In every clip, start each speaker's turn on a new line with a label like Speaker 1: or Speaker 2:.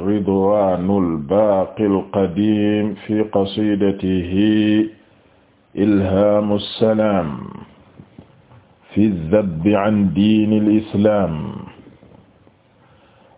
Speaker 1: ridwaanul baaqil qadiim fi qasiidatihi ilhaamu salaam fi zabbi an diinil islaam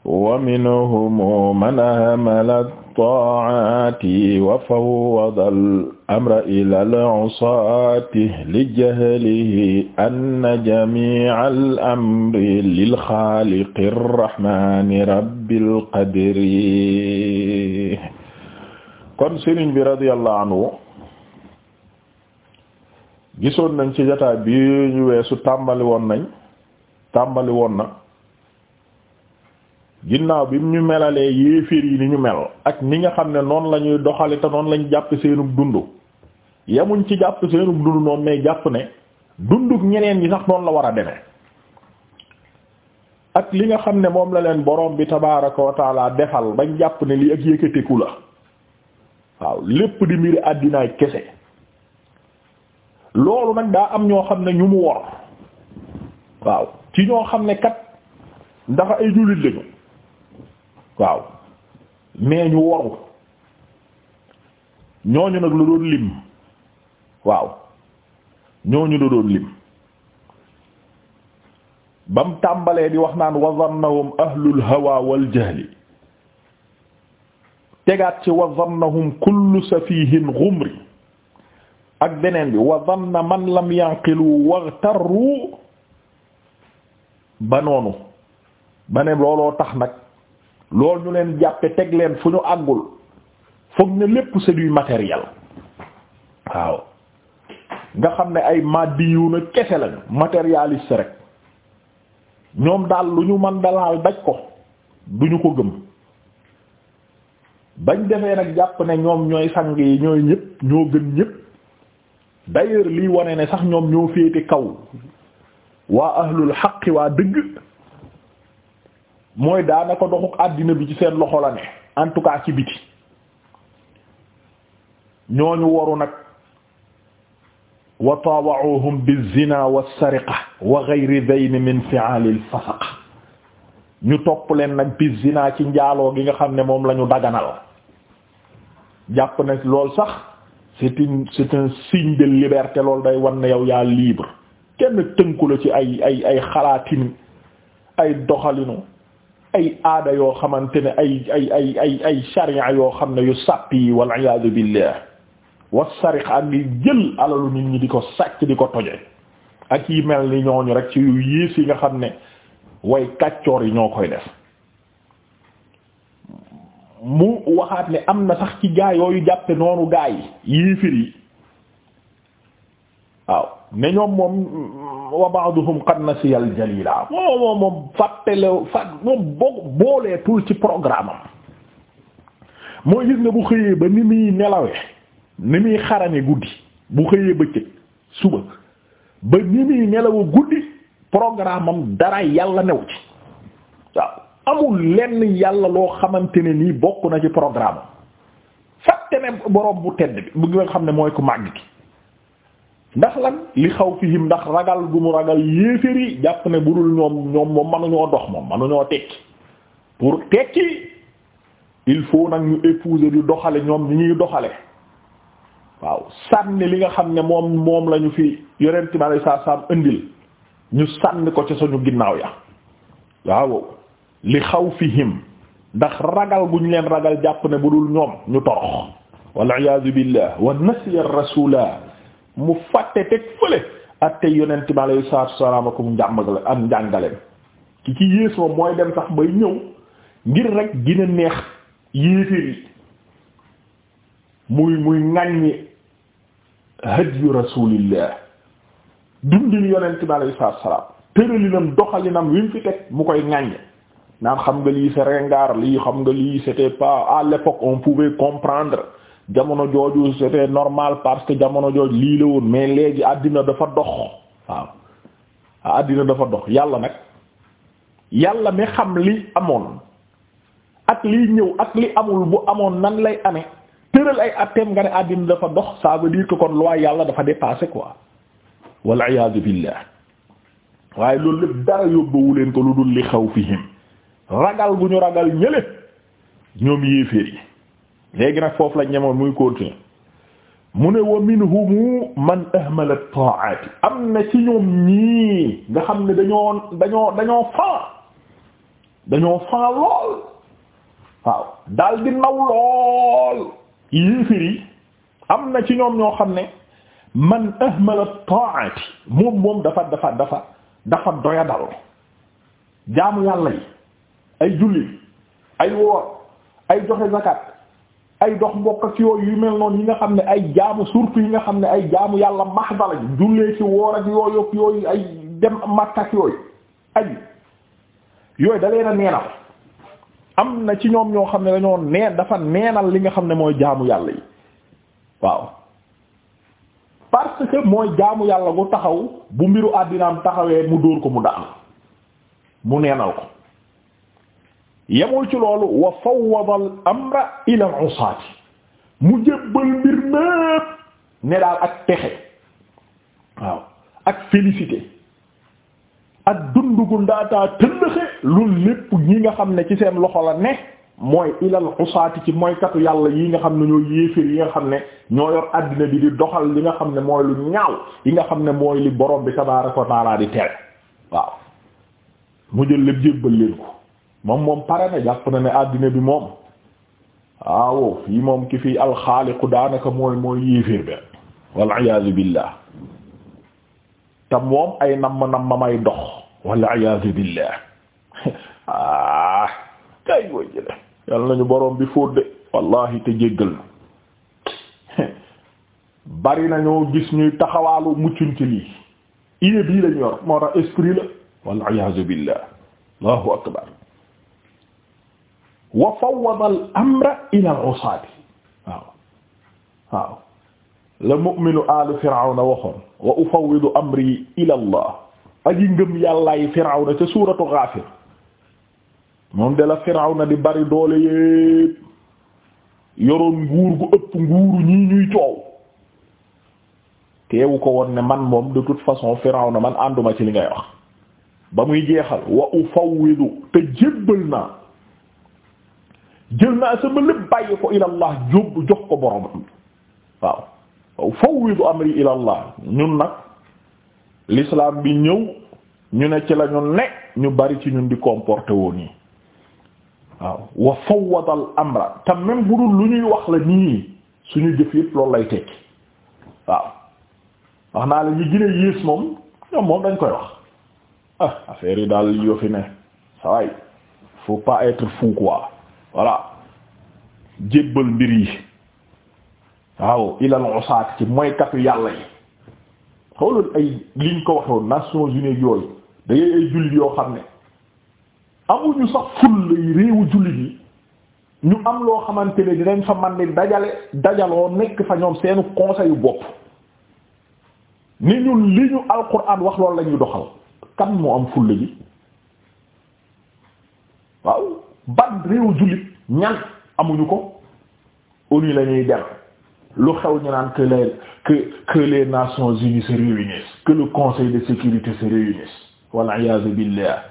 Speaker 1: wa minhum man ahmalat taa'aati wa fawwada al-amra ila al-'usaati li-jahlihi anna jamii'a al-amri lil-xaaliqi ar-rahmaani rabbil qadri kon sëriñ bi radiyallahu anhu gisoon nañ ci jotaay bi ñu weesu tàmbali woon nañ tàmbali woon na ginnaaw bi ñu melalee yéeféer yi ni ñu mel ak ni nga xam ne noonu la ñuy doxale te noonu lañ jàpp seenub dund yamuñ ci jàpp seenub dund noonu mais jàpp ne dunduk ñeneen yi sax noonu la war a demee ak li nga xam ne moom la leen borom bi tabaaraka wa taala defal bañ jàpp ne li ak yëkkateku la waaw lépp di mbiri àddinaay kese loolu nag daa am ñoo xam ne ñu mu wor waaw ci ñoo xam ne kat ndax ay jullit lañu waaw mais ñu waru ñooñu nag la doon lim waaw ñooñu la doon lim bam tàmbalee bi wax naan wazannahum ahlul hawa wal jahli tegaat ci wazannahum kullu safihin ghumri ak beneen bi wazanna man lam yanqilu waghtarru ba noonu ba ne looloo tax nag loolu ñu leen jàppe teg leen fu ñu àggul foog ne lépp c'est du waaw nga xam ne ay maddi yu na kese lañu matérialiste rek ñoom daal lu ñu man dalaal daj ko du ñu ko gëm bañ defee nag jàpp ne ñoom ñooy sang yi ñooy ñëpp ñoo gën ñëpp d'ailleurs lii wone ne sax ñoom ñoo féete kaw waa ahlul xaqi waa dëgg mooy daanaka doxuk àddina bi ci seen loxo la ne en tout cas ci biti ñooñu waru nag wa taawa'uhum bizina was-sariqa wa ghayri dhayn min fi'al al-fasaq ñu topp leen nag bizina ci njaaloo gi nga xam ne moom lañu ñu daganal jàpp na lool sax c'est une c'est un signe de liberté loolu day wan ne yow yaa libre kenn tënku la ci ay ay ay xalaatin ay doxalinu ay aada yoo xamante ne ay ay ay ay sharia yoo xam ne yu sàppi yi wal iyaadu billah wa sariq ak di jël alalu nit ñi di ko sàcc di ko toje ak yi mel ni ñooñu rek ci yu yiis yi nga xam ne way kàccoor yi ñoo koy def mu waxaat ne am na sax ci gaa yooyu jàppe noonu gaa yi yéefir yi waaw ne ñoom moom wa ba'duhum qad nasiya al jalila moom moom moom fàttele fàtt moom boo booleetul ci programme am mooy gis nga bu xëyee ba ni muy nelawee ni muy xarane guddi bu xëyee bëccëg suba ba ni muy nelawa guddi programme dara yàlla new ci amul lenn yàlla loo xamante ne nii bokk na ci programme am fàtte ne borom bu tedd bi bu nga xam ne mooy ku màgg ki ndax lan li xaw fihim ndax ragal gu mu ragal yéeféer jàpp ne budul ñoom ñoom moom mënuñoo dox moom mënuñoo tekki pour tekki il faut nag ñu épouser di doxale ñoom ñi ñuy doxale waaw sànni li nga xam ne moom moom lañu fi yorenti ma saa saam indil ñu sànni ko ci suñu ginnaaw ya waaw li xaw fihim ndax ragal gu ñu leen ragal jàpp ne budul ñoom ñu torox wal iyaazu billah wa nasiya rasula mu fàtte teg fële ak tey yonent bi alayhi salaatu salaam ak njàngaleem ki ci yées mooy dem sax bay ñëw ngir rek gina neex yéeféer yi muy muy ŋàññi hadyu rasulillah dundin yonent bi alayhi salaatu salaam tëralinam doxalinam wi mu fi teg mu koy ŋàññi naan xam nga lii c'est ringard lii xam nga lii c'était pas à l'époque on pouvait comprendre jamono jooju c'était normal parce que jamono jooju lii la woon mais léegi àddina dafa dox waaw àddina dafa dox yàlla nag yàlla mi xam li amoon ak liy ñëw ak li amul bu amoon nan lay amee tëral ay atteem nga ne àddina dafa dox ça veut ko que kon loi yàlla dafa dépassé quoi wal iyaazu billah waaye loolu lépp dara yóbbawu leen ko lu dul li xaw fii ragal bu ñu ragal ñële ñoom yéeféer yi léegi nag foofu la ñemoon muy continuer mu ne wa minhumu man ahmala taati am na ci ñoom ñii nga xam ne dañoo dañoo dañoo fan dañoo fan lool waaw daal di naw lool yéefir yi am na ci ñoom ñoo xam ne man ahmala taati moom moom dafa dafa dafa dafa doya dal jaamu yàlla yi ay julli ay woor ay joxe zakat ay dox mbokk ak yooyu yu mel noonu yi nga xam ne ay jaamu surtout yi nga xam ne ay jaamu yàlla maxdala ji jullee ci woor ak yooyu ak yooyu ay dem Makka ak yooyu aj yooyu da leen a neenal am na ci ñoom ñoo xam ne dañoo neen dafa neenal li nga xam ne mooy jaamu yàlla yi waaw parce que mooy jaamu yàlla gu taxaw bu mbiru àddinaam taxawee mu dóor ko mu daan mu neenal ko yemul ci loolu wa fawwada al amra ila usaati mu jébbal mbir mépp ne daal ak texe waaw ak félicité ak dundu gu ndaataa tëllëxe loolu lépp ñi nga xam ne ci seen loxo la ne mooy ilal xusaati ci mooykatu yàlla yi nga xam ne ñoo yéeféer yi nga xam ne ñoo yor àddina bi di doxal li nga xam ne mooy lu ñaaw yi nga xam ne mooy li borom bi tabaaraka wa taala di tere waaw mu jël lépp jébbal leen ko moom moom pare na jàpp na ne àddina bi moom waaw fii moom ki fii alxaaliqu daanaka mooy mooy yéeféer benn waliyasu billah te moom ay namm namm may dox waliyasu billah ah kay wooy jële yàlla nañu boroom bi fóotde wallahi te jéggal na bari nañoo gis ñuy taxawaalu muccunti lii idée bii lañ yor moo tax esprit la waliyasu billah allahu akbar wa fawwada al amra ila al usaati waaw waaw la mu'minu alu firawna waxoon wa ufawwidu amri ila allah aji ngëm yàllaay firawna ca suuratu Gaafir moom de la firawna di bari doole yépp yoroon nguur gu ëpp nguuru ñii ñuy coow teewu ko woon ne man moom de toute façon firawna man ànduma ci li ngay wax ba muy jeexal wa ufawwidu te jébbal naa jël naa sama lépp bàyyi ko ilallah jóg jox ko borom waaw waaw fawwidu amri ilallah ñun nag l'islam bi ñëw ñu ne ci la ñu ne ñu bari ci ñun di comporté woon yi waaw wa fawwada amra te bu dul lu ñuy wax la nii suñu jëf yëpp loolu lay tekki waaw wax naa la ñu gën a yées moom ñoom moom dañ koy wax ah yi daal yoo fi ne ça va pas être fou quoi. voilà jébbal mbir yi waaw ilal usaat ci moykatu yàlla yi xoolal ay liñ ko waxoon Nations Unies yooyu da ay jullit yoo xam ne amuñu sax ful lay réewu jullit yi ñu am loo xamante ne dinañ fa man ni dajale dajaloo nekk fa ñoom seenu conseil yu bopp ni ñun li ñu alquran wax loolu la doxal kan moo am fulla ji waaw ban réew jullit ñan amuñu ko ONU la ñuy dem lu xew ñu naan que les que que les nations unies se réunissent que conseil de sécurité se réunisse wal iyaazu billah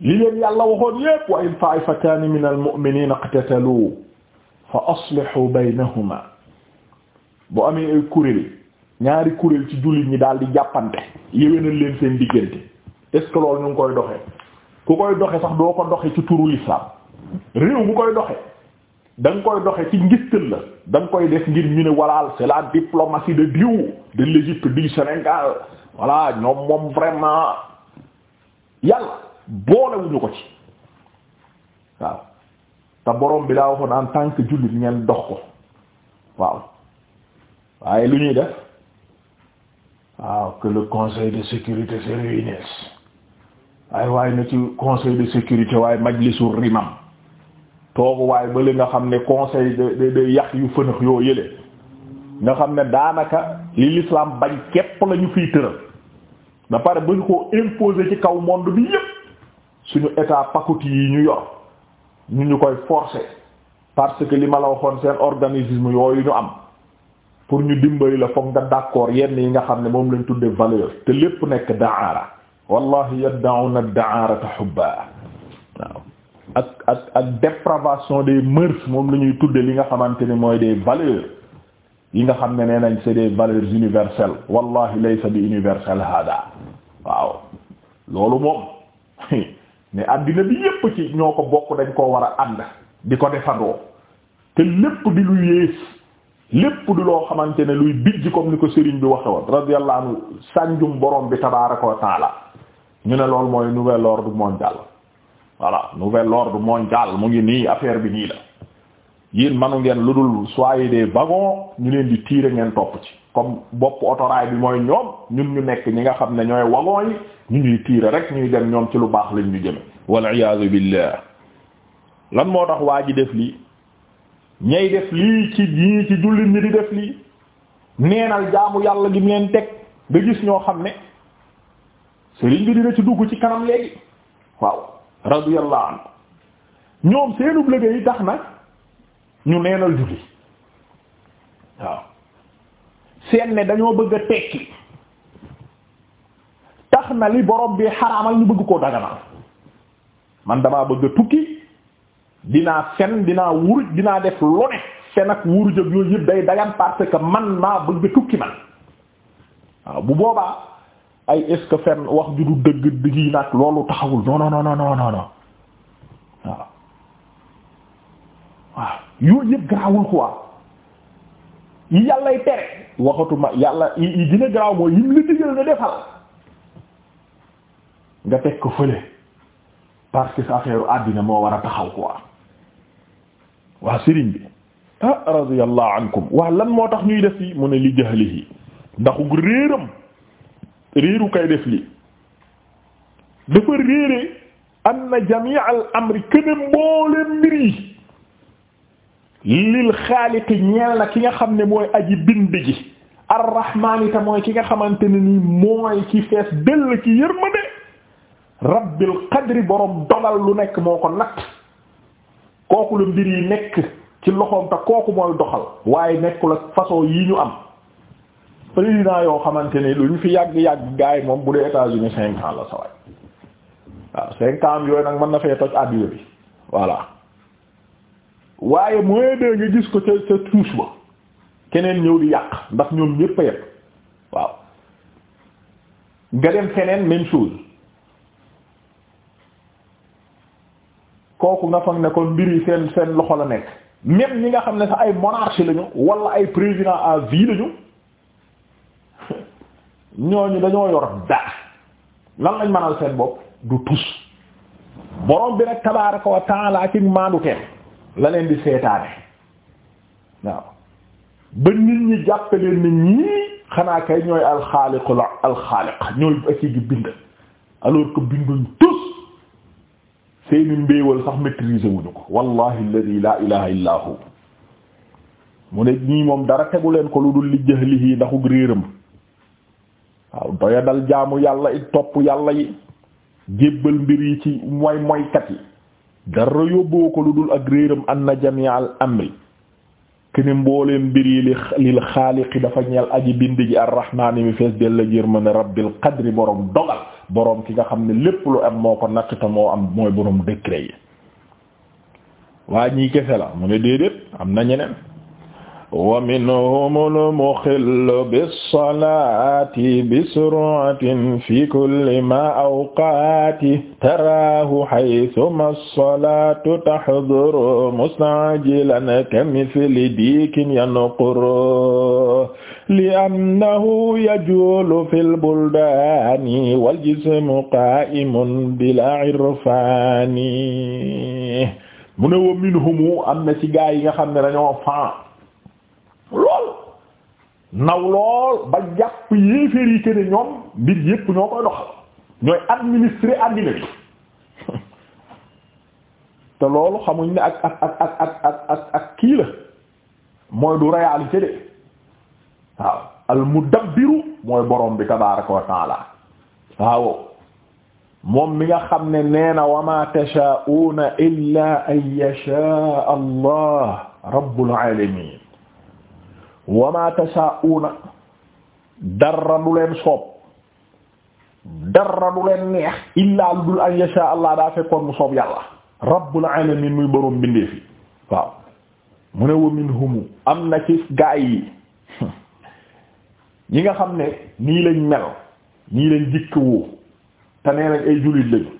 Speaker 1: li leen yàlla waxoon yépp wa in ta'ifatani min al mu'minina iqtatalu fa aslihu baynahuma bu amee ay kuréel ñaari kuréel ci jullit ñi daal di jàppante yéwénal leen seen diggante est loolu ñu koy doxee ku koy doxe sax doo ko doxe ci turu l'islam réew bu koy doxe da nga koy doxe ci ngistal la da koy def ngir ñu ne walaal c'est la diplomatie de diw de l'Égypte du Sénégal voilà ñoom moom vraiment yàlla boolewuñu ko ci waaw te borom bi daa waxoon en tant que jullit ngeen dox ko waaw waaye lu ñuy def waaw que le conseil de sécurité se ay waaye na ci conseil de sécurité waaye majlisu rimam toogu waaye bale nga xam ne conseil de de yàq yu fënax yoo yële nga xam ne daanaka li l'islam bañ képp la ñu fiy tëral da pare buñ ko imposer ci kaw monde bi yépp suñu état pakoti yi ñu yor ñu ñu koy forcer parce que li ma la waxoon seen organisme yooyu ñu am pour ñu dimbali la fokk nga d'accord yenn yi nga xam ne moom lañ tudde valeur te lépp nekk daara wallahi yad'una ad-da'arata hubba waaw ak ak ak dépravation des mœurs moom la ñuy tudde li nga xamante ne mooy des valeurs yi nga xam ne nee nañ c'est des valeurs universelles wallahi laysa bi universel hada waaw loolu moom ne àddina bi yépp ci ñoo ko bokk dañ koo war a ànd di ko defandoo te lépp di lu yées lépp du loo xamante ne luy bijj comme ni ko sëriñ bi waxe woon radiyallahu anhu sànjum borom bi tabaaraka wa ñu ne loolu mooy moo ordre mondial voilà nouvel moo mondial mu ngi nii affaire bi nii la yéen manu ngeen lu dul soyez de wagons ñu leen di tirer ngeen topp ci comme bopp otoraay bi mooy ñoom ñun ñu nekk ñi nga xam ne ñooy wagon yi ñu ñuy tiire rek ñuy dem ñoom ci lu baax lañu ñu jëme wal iyaazu billah lan moo tax waa ji def lii ñay def lii ci ñii ci jullit ñi di def lii neenal jaamu yàlla gi mu leen teg nga gis ñoo xam ne sëriñ bi dina ci dugg ci kanam léegi waaw radiyallahu anhu ñoom seenub liggéey tax nag ñu neenal julli waaw seen ne dañoo bëgg tekki tax na li borom bi xaraamal ñu bëgg koo daganal man damaa bëgg a tukki dinaa fen dinaa wuruj dinaa def lone fen ak wuruj ak yooyu yëpp day dagan parce que man maa bëgg tukki man waaw bu boobaa ay est-ce que fenn wax ju du dëgg digi nag loolu taxawul non non non non waaw yooyu yëpp garaawul quoi yi yàllay tere waxatuma yàlla yi dina garaaw mooy yim la digal nga defal nga teg ko fële parce que sa affaire àddina moo war a taxaw quoi waa sëriñ bi ah radiyallahu ankum waa lan moo tax ñuy def yi mu ne li jahlihi ndaxu réeram riiru kay def lii dafa réere anna jamii al amri këne mbooleen mbir yi lil xaaliqi ñeel na ki nga xam ne mooy aji bind ji arrahmaani mooy ki nga xamante ne nii mooy ki fees dell ci yërmande rabbil qadri borom dogal lu nekk moo ko natt kooku la mbir yi nekk ci loxoom te kooku mooy doxal waaye nekkul ak façon yi ñu am président yoo xamante ni lu ñu fi yàgg yàgg gars yi moom bu dee États-Unis cinq ans la saway waaw cinq ans yooyu nag mën na fee toj àddina bi voilà waaye mooy dee nga gis ko ca ca tuus ba keneen ñëw di yàq ndax ñoom ñépp a yépp waaw nga dem feneen même chose kooku nga foog ne kon mbir yi seen seen loxo la nekk même ñi nga xam ne sax ay monarchie lañu wala ay président à vie lañu ñooñu dañoo yor dara lan lañ mënal seen bopp du tus borom bi nag tabaaraka wa taala ci la leen di seetaane waaw ba nit ñi jàppe leen ni ñii xanaa kay ñooy alxaaliqu la alxaaliq ñooy ak gi bind alors que binduñ tus seeni mbéewal sax maîtriser wuñu ko wallahi alladhi la ilaha hu mu ne ñii moom dara tegu leen ko lu dul li jahlihi ndaxu réeram waaw doyadal jaamu yàlla it topp yàlla yi jébbal mbir yi ci mooy moykat yi dara yóbboo ko lu dul ak réeram anna jami'al amri kene mbooleem mbir yi li lil xaaliqi dafa ñeel aji bind ji arrahmaani mi fees del la jërmande rabbil qadri boroom dogal boroom ki nga xam ne lépp lu am moo ko natt te moo am mooy boroom décret yi waa ñii kese la mu ne déedéet am na ñeneen wa minhum al-mukhillu bis-salaati bi-sur'atin fi kulli maa awqaati taraahu haythuma as-salaatu tahduru musta'jilan kamithli diikin yanquru li'annahu yajuulu fil-buldaani wal-jismu qaa'imun bilaa irfaani mu ne wa minhum am na ci gaa yi nga xam ne dañoo faa lool naw lool ba jàpp yéeféer yi ñoom mbir yépp ñoo koy doxal ñooy administrer àddina bi te loolu xamu ne ak ak ak ak ak ak ak ak mooy du réalité de waaw al mooy borom bi tabaaraka waaw moom mi nga xam ne nee na wa ma tashaa'una illa an yashaa allah rabbul alamin wa ma tashaa'una dara du leen soob dara du leen neex illaa lu dul an yasha allah daa fekkoon mu soob yàlla rabbul alamin muy boroom mbindeef yi waaw mu ne wa minhum am na ci gaay yi ñi nga xam ne nii lañ mel nii lañ jikk woo te nee nañ ay jullit lañu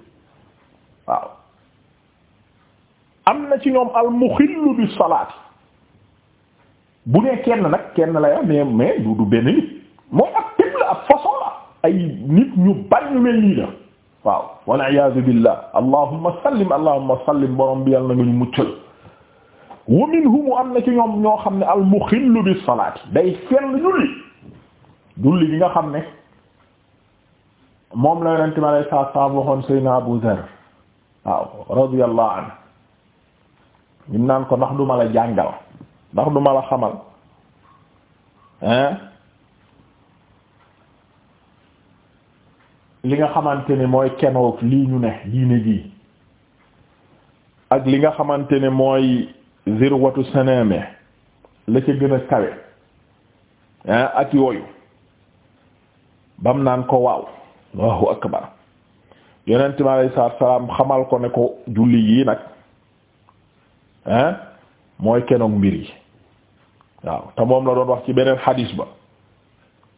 Speaker 1: waaw am na ci ñoom al muxillu salaati bu ne kenn nag kenn la ya mais mais du du benn nit mooy ab tëb la ab ay nit ñu bari ñu mel nii la waaw wal iyaadu billah allahumma sallim allahumma sallim borom bi yàlla na nga ñu muccal wa minhum am na ci ñoom ñoo xam ne al muxillu bis salaati day fenn julli julli bi nga xam ne moom la yonent mi alayhi salaatu salaam waxoon Seydina Abu Dharr waaw radiyallahu anhu ñu naan ko ndax duma la jàngal ndax du ma la xamal hein li nga xamante ni mooy kenoog lii ñu ne diine ji ak li nga xamante ne mooy zirwatu saname la ca gën a kawe hein ak yooyu bam naan ko waaw Allahu akbar yonent bi alayhi salaam xamal ko ne ko julli yii nag hein mooy kenoog mbir yi waaw la doon wax ci beneen xadiis ba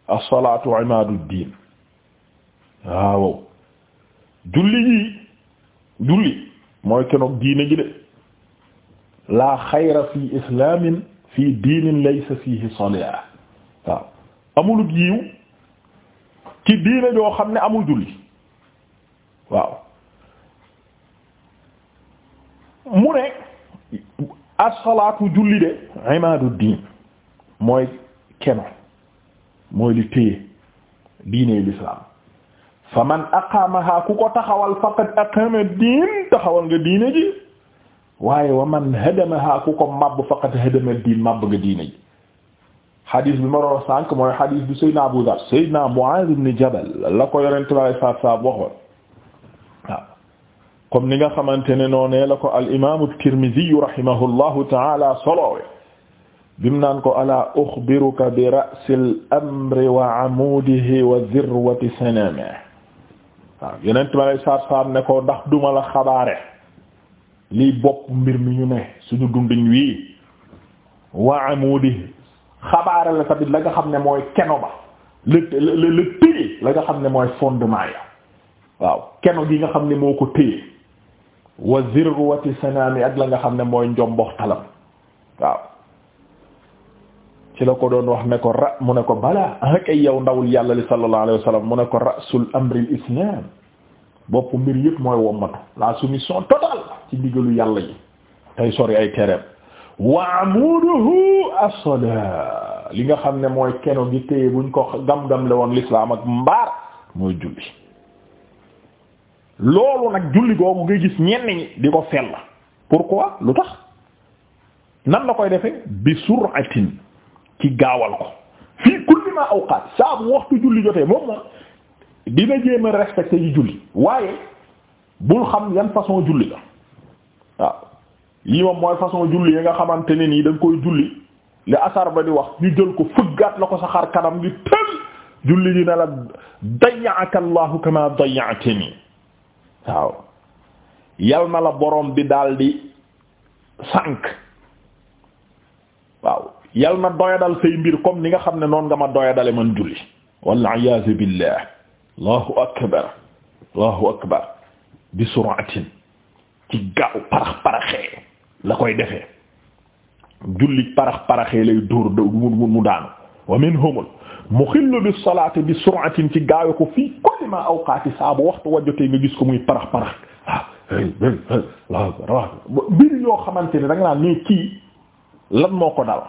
Speaker 1: as-salaatu imaadu diin waaw julli yi julli mooy kenoog diine ji de laa xayra fi islaamin fi diinin laysa fiihi salaah xam ne amul julli waaw mu ne a salaatu julli de imaadu diin mooy keno mooy li téye diine l'islam fa man aqaamaha ku ko taxawal faqad aqaama diin taxawal nga diine ji wa man hadamaha ku ko mabb faqad hadama diin mabb nga diine ji bi ma doon mooy xadis bi Seydina Abu Dar Seydina Muaaz ibn Jabal la ko yonente bi alayhi salaatu wa comme ni nga xamante ne noonee la ko al imaamu Tirmizi rahimahullahu ta'ala solo bim naan ko alaa uxbiruka bi ra'sil amri wa amuudihi wa zirwati sanamihi waaw ma lay saar saar ne ko ndax duma la xabaare li bopp mbir mi ñu ne suñu dunduñ wii wa amuudihi xabaare la tamit la nga xam ne mooy keno ba le le la nga xam ne mooy fondement ya keno gi nga xam ne moo ko téye wa zirwati sanaami ak la nga xam ne mooy njombox talam waaw ci la ko doon wax ne ko ra mu ne ko balaa akay ah, yow ndawul yàlla li sallallahu alayhi wa sallam mu ne ko rasul amril islam bopp mbir yëpp mooy wommatu la soumission totale ci ndigalu yàlla yi tey sori ay tereem wa amuduhu li nga xam ne mooy keno gi téye buñ ko gam-gamle woon l'islam ak mbaar mooy julli loolu nag julli googu ngay gis ñenn ñi di ko fel la pourquoi lu tax nan la koy defee bi suratin ci gaawal ko fii kulli ma awqaat saa bu waxtu julli jotee moom moom dina jéem a julli waaye bul xam yan façon julli la waaw yi moom mooy façon julli yi nga xamante ne nii da nga koy julli li asar ba di wax ñu jël ko fëggaat la ko sa xar kanam gi tël julli dina la dayyaka Allahu kama dayyatini waaw yal na la borom bi daldi sànk waaw yal na doyadal say mbir comme ni nga xam ne noon nga ma doyadale man julli walla iyaazu billah allahu akbar allahu akbar bi ci gaaw parax paraxee la koy defee julli parax paraxee lay dóor mu daanu wa minhumul muxillu bi salaati bi sur'atin ci gaawe ko fii kulli ma awqaati saabu waxtu wajjotee nga gis ko muy parax parax waaw ah, waaw mbir yoo xamante ne da nga naan ne kii lan moo ko dal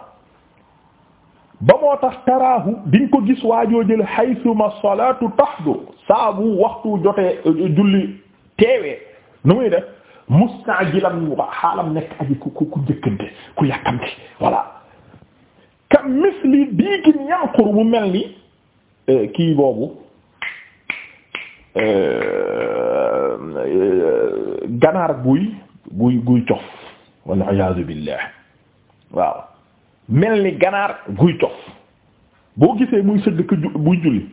Speaker 1: ba moo tax taraahu di nga ko gis waajoo jël haythuma salaatu tahdu saabu waxtu jotee eh, julli teewee nu muy def mustaajilan xaalam nekk aji ku ku njëkkante ku yàkkamte voilà kam misli diigin yanqur bu mel ni euh, kii boobu euh, ganaar guy guy guy cof walla iyaazu billaah waaw mel ni ganaar guy cof boo gisee muy sëgg ka buy julli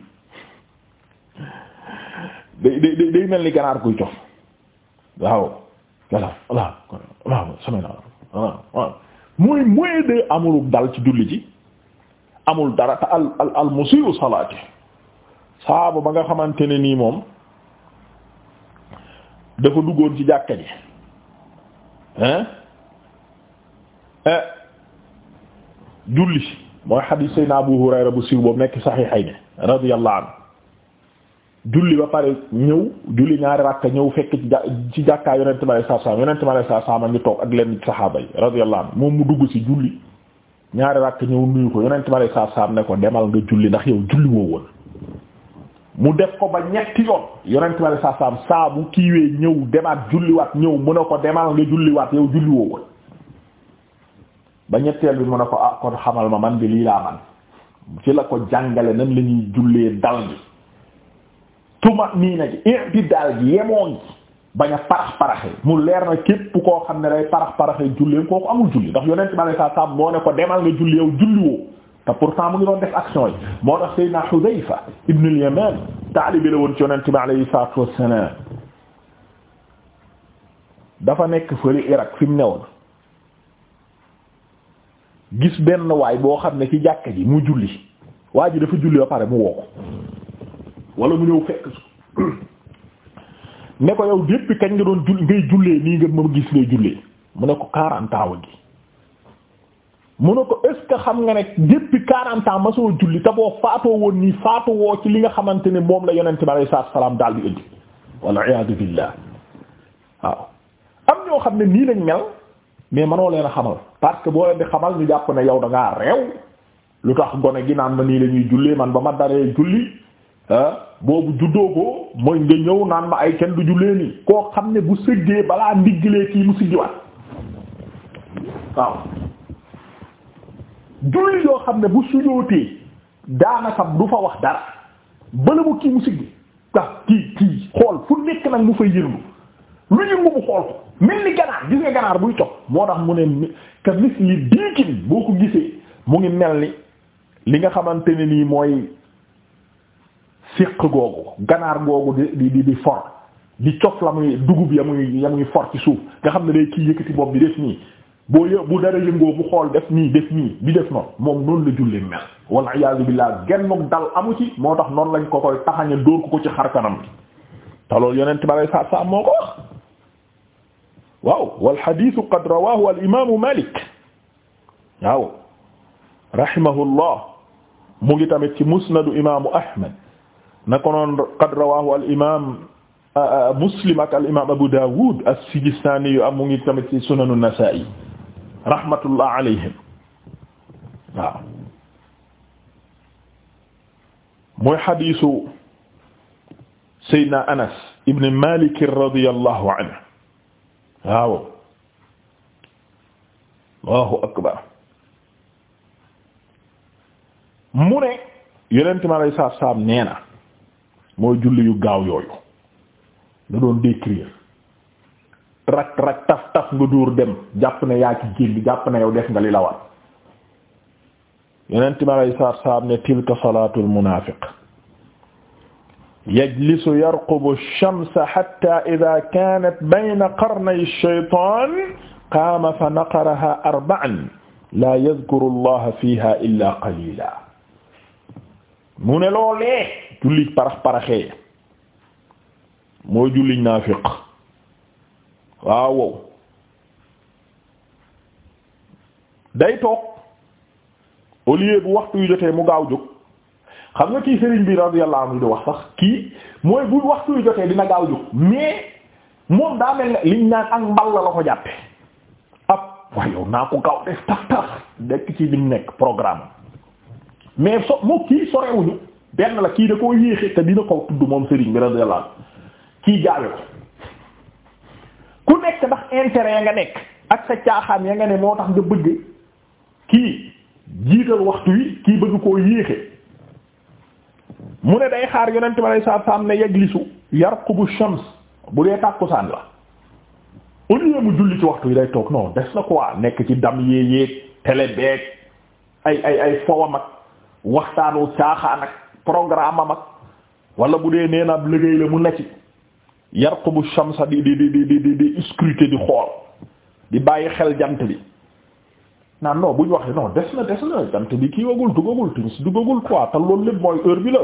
Speaker 1: day day day mel ni ganaar guy cof waaw voilà voilà voilà samay naa voilà mooy mooy de amulub dal ci julli ji amul dara te al al al salaati saaba ba nga xamante ne nii moom dafa duggoon ci jàkka ji hein eh, julli mooy xadiis sayna Abu Hurayra bu siiw boobu nekk saxiixay ne radiyallahu anhu julli ba pare ñëw julli ñaari rakka ñëw fekk ci jàkkaay yonent ma lay saa saam yonent ma lay saa saam a ngi toog ak lenn saxaaba yi radiyallahu moom mu dugg ci julli ñaari rakk ñëw nuyu ko yonent ma lay saaf saaf ne ko demal nga julli ndax yow julli woo woon mu def ko ba ñetti yoon yonent ma lay saaf saaf saa bu kiiwee ñëw demaat julliwaat ñëw mu ne ko demal nga julliwaat yow julli woo woon ba ñetteel bi mu ne ko ah kon xamal ma man bi lii laa man ci la ko jàngale nan la jullee dal gi tuma nii na ji i'tidal gi yemoo gi bañ parax paraxe mu leer na képp koo xam ne day parax paraxe julleem kooku amul julli ndax yonent bi saa saa moo ne ko demal nga julli yow julliwoo te pourtant mu ngi doon def action yi moo tax Seydina Hudayfa ibn al-Yaman taalibe la woon ci yonent bi alayhi salaatu wassalaam dafa nekk fële Irak fi mu ne woon gis benn waay boo xam ne ci jàkka ji mu julli waa ji dafa julli ba pare mu woo ko wala mu ñëw fekk ne ko yow depuis kañ nga doon jul ngay jullee nii nga ma gis ngay jullee mu ne ko quarante ans wa gi mu ne ko est xam nga ne depuis quarante ans ma soo julli te faatoo woon nii faatu woo ci li nga xamante ne moom la yonent bi alayhi salaatu salaam daal di indi walla iyaadu billah waaw am ñoo xam ne nii lañ mel mais manoo leen a xamal parce que boo leen di xamal ñu jàpp ne yow da ngaa réew lu tax gone gi naan ma nii la ñuy jullee man ba ma daree julli Ah boobu juddoo ko mooy nga ñëw naan ma ay kenn du jullee nii koo xam ne bu sëggee balaa ndiggalee kii mu siggiwaat waaw julli yoo xam ne bu sujootee daanaka du fa wax dara bala mu kii mu siggi tax kii kii xool fu nekk nag mu fay yërlu lu yëngu mu xool ko mel ni ganaar gis nga ganaar buy toog moo tax mu ne ka mis li diikin boo ko gisee mu ngi mel ni li nga xamante ni nii mooy siq googu ganaar googu di di di for di cof la muy dugub ya muy ya muy for ci suuf nga xam ne day kii yëkkati bopp bi def nii boo yë bu dara yëngoo bu xool def nii def nii di def noonu moom noonu la julli mel wal iyaazu billaah genn dal amu ci moo tax noonu lañ ko koy taxañe dóor ko ko ci xar kanam bi te loolu yonent ba lay saat moo ko wax waaw wal hadiisu qad rawaahu al imaamu Maalik waaw rahimahullah mu ngi tamit ci musnadu imaamu Ahmad nako noon qad rawahu al imam muslim ak al imam abu dawud as-sijistani yu am mu ngi tamit ci sunanu nasa'i rahmatullah alayhim waaw mooy xadisu saydna anas ibn malik radiyallahu anhu waaw allahu akbar mu ne yonente mi alay saatu salaam nee na mooy julli yu gaaw yooyu da doon décrire rak rak taf taf nga dem jàpp ne yaa ci génn jàpp ne yow def nga li la war yeneen time alay saar saar ne tilka salaatul munaafiq yajlisu yarqubu shamsa hatta idha kanat bayna qarnay shaytaan qaama fa naqaraha arba'an la yadhkuru allaha fiha illa qalila mu ne loolee julli parax paraxee mooy julliñ naafiq waaw wow day toog au bu waxtu yu jotee mu gaaw jóg xam nga kii sëriñ bi radiyallahu anhu di wax sax kii mooy bu waxtu yu jotee dina gaaw jóg mais moom daa mel liñ naan ak mbal la la ko jàppe ab waaye yow naa ko gaaw def tax tax dekk ci liñ nekk programme mais so moo kii sorewuñu benn la kii da koo yéexee te dina ko tudd moom Serigne bi radiyallahu kii gaawe ko ku nekk ndax intérêt ya nga nekk ak sa caaxaan ya nga ne moo tax nga bëgg kii jiital waxtu wi kii bëgg koo yéexe mu ne day xaar yonent bi alay salaatu salaam ne yaglisu yarqubu shams bu dee tàkkusaan la au mu julli ci waxtu wi day toog non des na quoi nekk ci dam yéeg yéeg télé ay ay ay fowam ak waxtaanu caaxaan ak programme am ak wala bu dee nee na ab mu ne ci yarqubu shamsa di di di di di di scruter di xool di bàyyi xel jant bi naan non buñ waxee non des na des na jant bi kii wagul dugagul timis dugagul quoi te lool lépp mooy heure bi la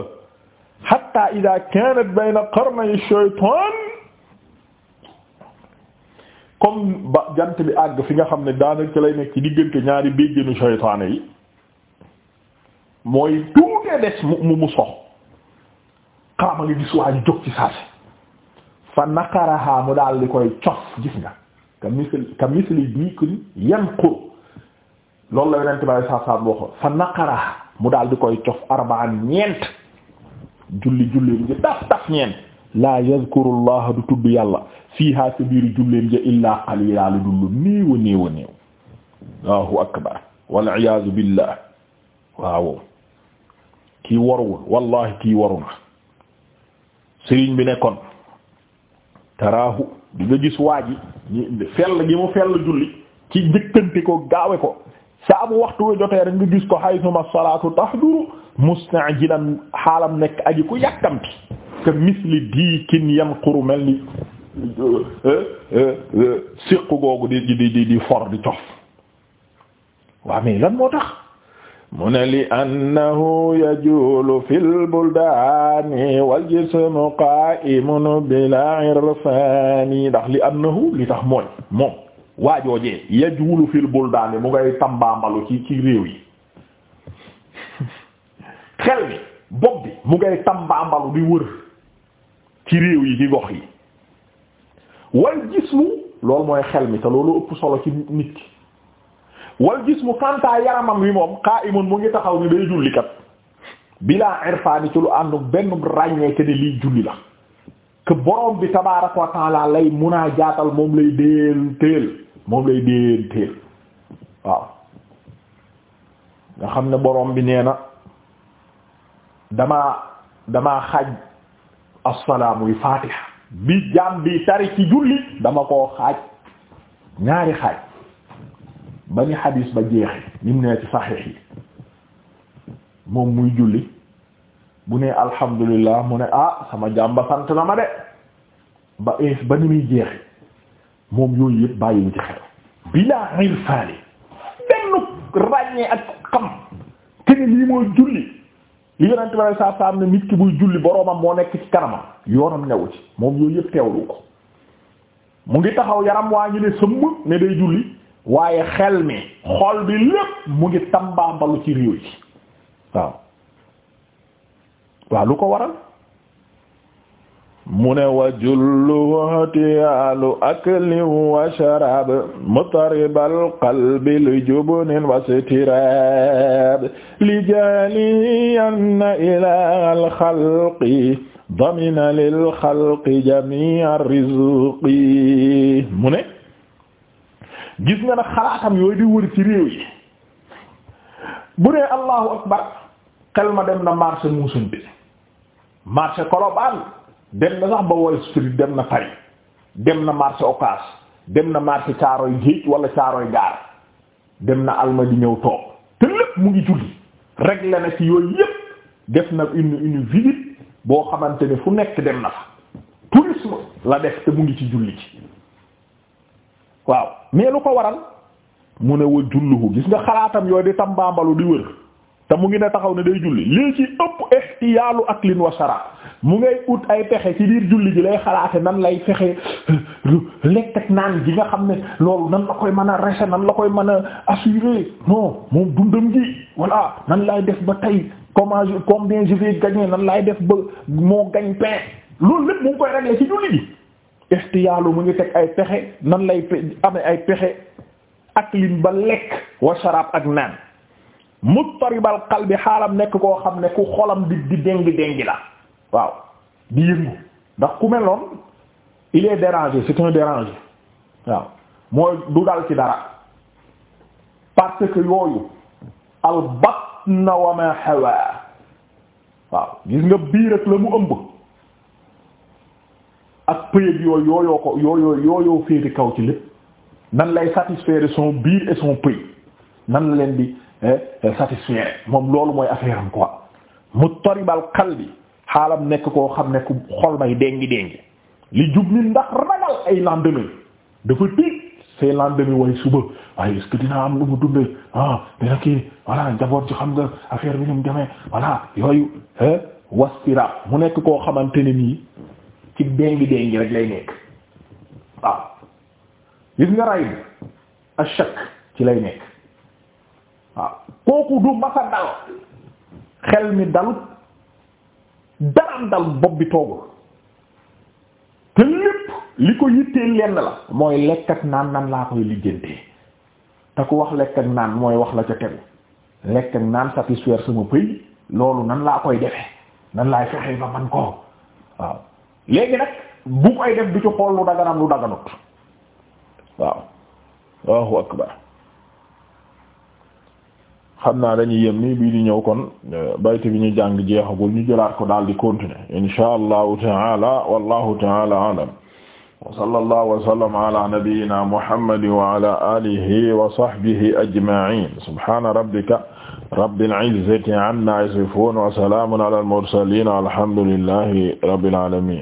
Speaker 1: hatta ida kanat bayna qarnay shaytan comme ba jant bi àgg fi nga xam ne daanaka lay nekk ci diggante ñaari béjjénu shaytaane yi mooy tuutee des mu mu sox xarama nga gis waa jóg ci saasi fa naqaraha mu daal di koy cof gis nga ka misli ka misli diikun yanqur loolu la yonent bale saa saa boo fa naqaraha mu daal di koy cof arba'an ñeent julli julleem ji daf daf ñeent laa yazkurullaha du tudd yàlla fiiha sa biir julleem ja illaa qalila lu dul néew a néew akbar wal iyaazu billah waaw kii waruwul wallahi kii waru na sëriñ bi nekkoon kon taraahu di gis waa ji fell gi mu fell julli ci njëkkanti ko gaawe ko saabu waxtu wi jotee rek nga gis ko haytuma salaatu tahduru mustajilan xaalam nekk aji ku yàkkamti te misli diikin yanquru mel ni euh, euh, euh, séqu googu di di di for di cof waa mais lan moo tax mu ne li annahu yajulu fil buldaani wal jismu qaa'imun bila irfaani ndax li annahu li tax mooy moom waajoojee yajulu fil buldaani mu ngay tambaambalu ci ci réew yi xel bi bopp bi mu ngay tambaambalu di wër ci réew yi ci gox yi wal loolu mooy xel mi te loolu ëpp solo ci nit wal jismu kantaa yaramam wi moom qa'imun mu ngi taxaw ni day julli kat bilaa irfaani ci lu àndu benn ràññee ke ne lii julli la que borom bi tabaaraka wa lay munaa jaatal moom lay déel téel moom lay déel téel waaw nga xam ne boroom bi nee na damaa damaa xaaj assalaamu yi faatiha bi jaam bi tari ci julli dama koo xaaj ñaari xaaj ba ni xadiis ba jeexi nim nee ci saxiix yi moom muy julli bu ne alhamdulillah mu ne ah sama jàmba na ma de ba ees eh, ba ni muy jeexi moom yooyu yëpp bàyyiwu ci xel bilaa irfaani benn ràññee ak xam te ni lii mooy julli li yonent bi saa saa am ne nit ki buy julli boroomam moo nekk ci kanamam yoonam newu moom yooyu yëpp teewlu ko mu ngi taxaw yaram waa ñu ne sëmm ne day julli waaye xel mi xol bi lépp mu ngi tambaambalu ci réew yi ko waral mu ne wa jullu hatiyalu akli wa sharab mutaribal qalbi li jubnin wastirab li jaliyan ila al khalqi damina lil khalqi jami'a rizqi mu ne gis nga nag xalaatam yooyu di wër ci réew yi bu dee allahu akbar xel ma dem na marché muusante marché Colobane dem na sax ba Wall Street dem na Paris dem na marché Ocass dem na marché Caaroy Géej wala Caaroy Gaar dem na Almadies di ñëw toog te lépp mu ngi julli réglé na ci yooyu yépp def na une une visite boo xamante ne fu nekk dem na fa tourisme la def te mu ngi ci julli ci waaw mais lu ko waral mu ne wa julluhu gis nga xalaatam yooy di tambaambalu di wër te mu ngi ne taxaw ne day julli lii ci ëpp ihtiyaalu aklin wa shara mu ngay ut ay pexe ci biir julli ji lay xalaate nan lay fexe lekk ak naan gi nga xam ne loolu nan la koy mën a rese nan la koy mën a assurer non moom dundam gi voilà nan lay def ba tey comment combien je vais gagner nan lay def ba moo gagne pain loolu lépp mu koy régler ci julli ji ixtiyaalu mu ngi teg ay pexe nan lay amee ay pexe aklim ba lekk wa sharab ak naan muttaribal bi xaalam nekk koo xam ne ku xolam di di déngi déngi la waaw di yëngu ndax ku meloon noonu il est dérangé c'est un dérangé waaw mooy du dal ci dara parce que yooyu al batna wa ma waaw gis nga biir ak la mu ëmb ak pëyëg yooyu yooyoo ko yooyoo yooyoo féete kaw ci lépp nan lay satisfaire son biir et son pays nan la leen di eh, satisfaire moom loolu mooy affaire am quoi mu toribal qalbi xaalam nekk koo xam ne ku xol may déngi déngi li jub ni ndax ragal ay lendemain dafa tiit c'est lendemain waaye suba waaye est que dina am lu mu dundee ah dina kii voilà njaboot ji xam nga affaire bi ni mu demee voilà yooyu eh, waspira mu nekk koo xamante ne nii ci déngi déngi rek lay nekk waaw gis nga ray bi ashak ci lay nekk waaw kooku du masa dal xel mi dalut daram dal bopp bi toogul te lépp li ko yittee lenn la mooy lekk ak naan nan laa koy lijjantee te ku wax lekk ak naan mooy wax la ca tegu lekk ak naan satisfaire sama pëy loolu nan laa koy defee nan laay fexee ba man ko waaw léegi nag bu koy def du ci xool lu daganam lu daganut waaw Allahu akbar xam naa dañuy yem nii bii di ñëw kon euh, bayte bi ñu jàng jeexagul ñu jëlaat ko daal di continuer insha allahu taala wallahu taala alam wa sallallahu wa sallama ala nabiyyina muhammad wa ala alihi wa sahbihi ajma'in subhana rabbika rabbil izzati amma yasifun wa salamun ala al mursalin alhamdulillahi rabbil alamin